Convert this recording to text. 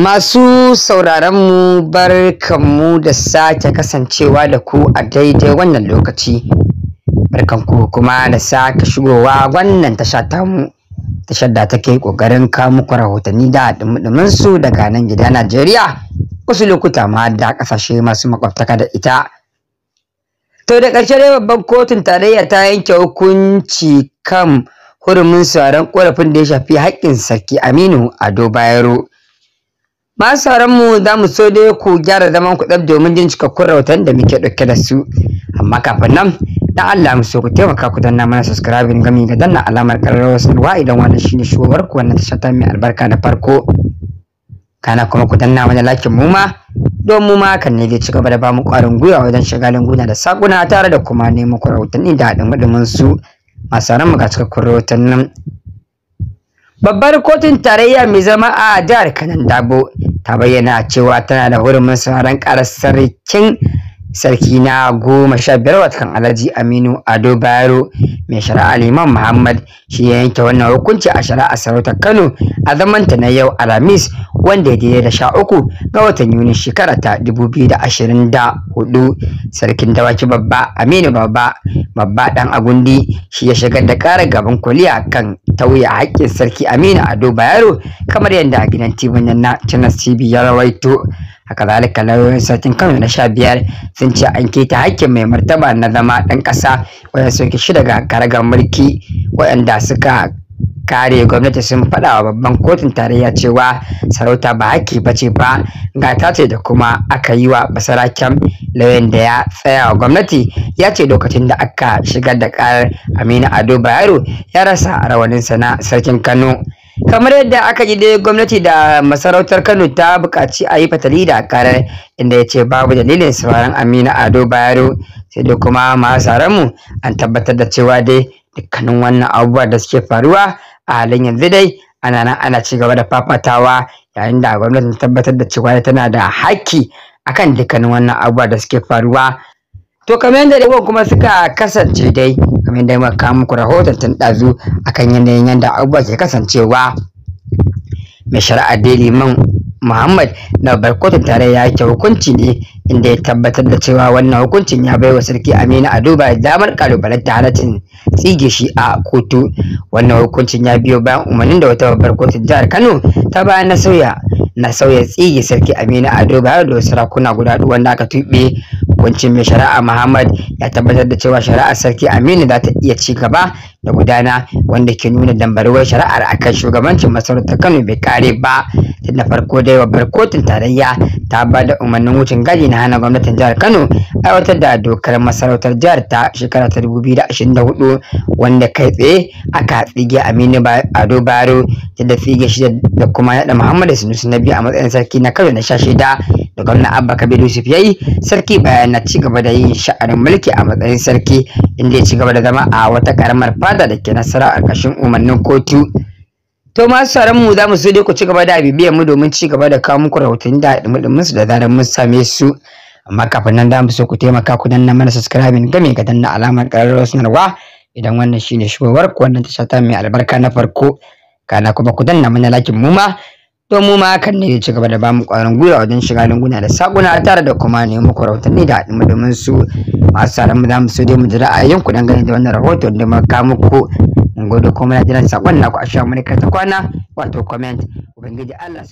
Masu sauraronmu barkanmu da sake kasancewa da ku a daidai wannan lokaci. Barkanku kuma da sake shigowa wannan tasha tamu, tashar da take ƙoƙarin kawo muku rahotanni da su daga nan gida Najeriya, wasu lokuta ma da ƙasashe masu makwabtaka da ita. To da ƙarshe dai babban kotun tarayya ta yanke hukunci kan hurumin sauran ƙorafin da ya shafi haƙƙin sarki Aminu Ado Bayero. masu mu za mu so dai ku gyara zaman ku domin jin cikakkun rahoton da muke ɗauke da su amma kafin nan dan Allah mu so ku taimaka ku danna mana ga gami ga danna alamar ƙararrawar sanarwa idan wannan shine shugabar ku wannan tashar ta mai albarka na farko kana kuma ku danna mana lakin mu ma don mu ma kan ne zai ci gaba da mu ƙwarin gwiwa wajen shagalin guna da sakuna tare da kuma neman ku rahotanni da haɗin gudumin su masu ran ga cikakkun rahotannin babbar kotun tarayya mai zama a jihar kanan dabo ta bayyana cewa tana da hurumin sauran karar sarkin sarki na goma sha biyar watakan alhaji aminu ado bayero mai shari'a liman muhammad shi ya yanke wannan hukunci a shari'a sarautar kano a ta na yau alhamis wanda ya daidai da sha uku ga watan yuni shekara ta dubu biyu da ashirin da hudu sarkin dawaki babba aminu babba babba dan agundi shi ya shigar da kara gaban kwaliya kan tauye hakkin sarki aminu ado bayero kamar yadda a gidan tv na channel tv ya rawaito A zalika lauyoyin sarkin kano na sha biyar sun ce an keta hakkin mai martaba na zama ɗan ƙasa wajen shida shi daga karagar mulki waɗanda suka kare gwamnati sun faɗa wa babban kotun tarayya cewa sarauta ba haƙƙi ba Nga ba ce da kuma aka yi wa basaraken lauyan da ya tsaya wa gwamnati ya ce lokacin da aka shigar da ƙarar Amina ado bayero ya rasa rawaninsa na sarkin kano kamar yadda aka ji dai gwamnati da masarautar kano ta buƙaci a yi fatali da karar inda ya ce babu dalilin sauran amina ado bayaro sai dai kuma masu mu an tabbatar da cewa dai dukkanin wannan abubuwa da suke faruwa a halin yanzu dai ana nan ana ci gaba da fafatawa yayin da gwamnati ta tabbatar da cewa tana da haƙƙi akan dukkanin wannan abubuwa da suke faruwa to kamar yadda abubuwan kuma suka kasance dai kamar yadda muka kawo muku rahoton tun ɗazu a kan yanayin yadda abubuwa ke kasancewa mai shari'a da liman Muhammad na barkotun ya yake hukunci ne inda ya tabbatar da cewa wannan hukuncin ya bai wa sarki Aminu Aduba damar ta halaccin tsige shi a kotu. Wannan hukuncin ya biyo bayan umarnin da wata babbar kotun jihar Kano ta bayan na sauya na sauya tsige sarki Aminu Aduba da sarakuna guda hudu wanda aka tuɓe hukuncin mai shari'a muhammad ya tabbatar da cewa shari'ar sarki aminu za ta iya ci gaba da gudana wanda ke nuna dambarwar shari'ar a kan shugabancin masarautar kano bai kare ba tun da farko dai babbar kotun tarayya ta ba da umarnin wucin gadi na hana gwamnatin jihar kano aiwatar da dokar masarautar jihar ta shekara ta 2024 wanda kai tsaye aka tsige aminu ado baro da tsige shi da kuma yada muhammad sunusi na biyu a matsayin sarki na kano na sha shida da gwamna abba kabiru yusuf ya yi sarki bayan na ci gaba da yin sha'anin mulki a matsayin sarki inda ya ci gaba da zama a wata karamar fada da ke nasara a ƙarshen umarnin kotu to masu tsaron mu za mu so dai ku ci gaba da bibiyar mu domin ci gaba da kawo muku rahoton da dumudumin su da zarar mun same su amma kafin nan za mu so ku taimaka ku danna mana subscribing game ga danna alamar ƙararrawar sanarwa idan wannan shine shigowar ku wannan tasha ta mai albarka na farko kana kuma ku danna mana lakin mu ma don mu ma hakan ne ci gaba da bamu ƙwarin gwiwa wajen shiga lunguna da sakuna a tare da kuma ne muku rahotanni da haɗin domin su masu tsaron mu za mu so dai mu ji ra'ayinku dangane da wannan rahoton da muka muku mun gode kuma na jiran sakon naku a sha mu ta kwana wato comment ubangiji Allah